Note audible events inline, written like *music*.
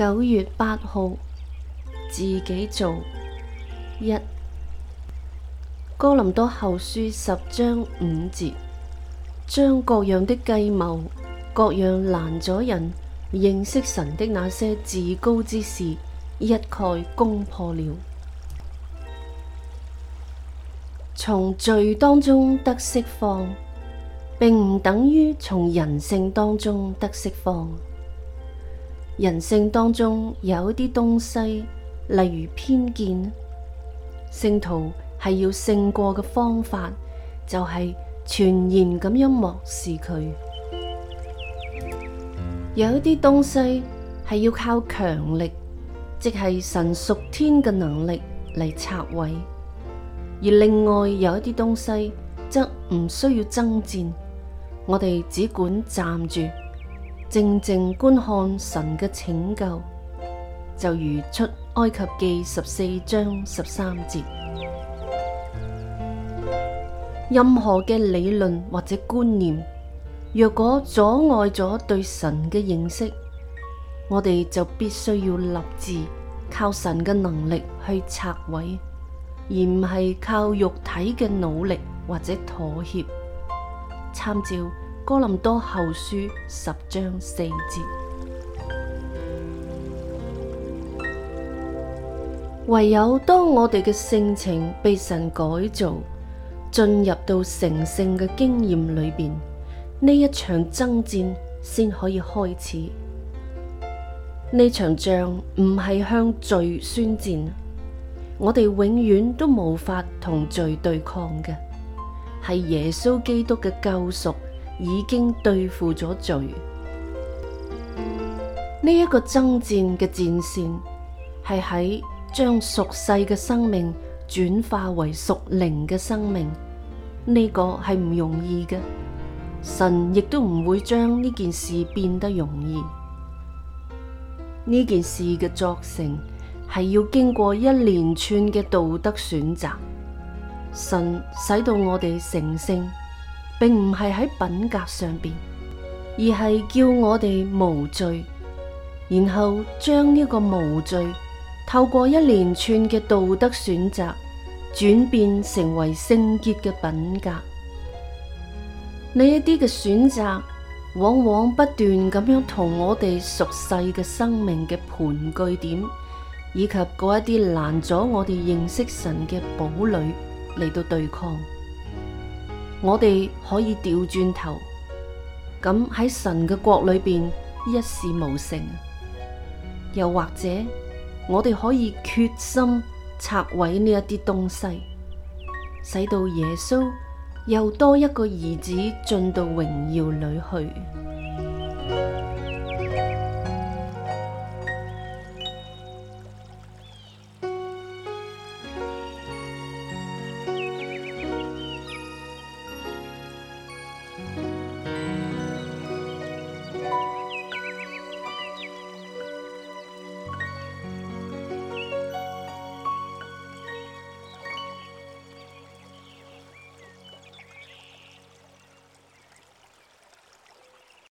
九月八號，自己做一《哥林多後書》十章五節，將各樣的計謀、各樣攔阻人認識神的那些至高之事，一概攻破了。從罪當中得釋放，並唔等於從人性當中得釋放。人性當中有啲東西，例如偏見，聖徒係要勝過嘅方法就係、是、全然咁樣漠視佢。 *noise* 有啲東西係要靠強力，即係神屬天嘅能力嚟拆位；而另外有一啲東西則唔需要爭戰，我哋只管站住。靜靜觀看神嘅拯救，就如出埃及記十四章十三節。任何嘅理論或者觀念，若果阻礙咗對神嘅認識，我哋就必須要立志，靠神嘅能力去拆毀，而唔係靠肉體嘅努力或者妥協。參照。哥林多後書十章四節。唯有當我哋嘅性情被神改造，進入到成聖嘅經驗裏邊，呢一場爭戰先可以開始。呢場仗唔係向罪宣戰，我哋永遠都無法同罪對抗嘅，係耶穌基督嘅救贖。已經對付咗罪，呢、這、一個爭戰嘅戰線係喺將屬世嘅生命轉化為屬靈嘅生命，呢、這個係唔容易嘅。神亦都唔會將呢件事變得容易。呢件事嘅作成係要經過一連串嘅道德選擇，神使到我哋成聖。並唔係喺品格上面，而係叫我哋無罪，然後將呢個無罪透過一連串嘅道德選擇，轉變成為聖潔嘅品格。呢一啲嘅選擇，往往不斷咁樣同我哋屬世嘅生命嘅盤踞點，以及嗰一啲難阻我哋認識神嘅堡壘嚟到對抗。我哋可以調轉頭，咁喺神嘅國裏邊一事無成。又或者，我哋可以決心拆毀呢一啲東西，使到耶穌又多一個兒子進到榮耀裏去。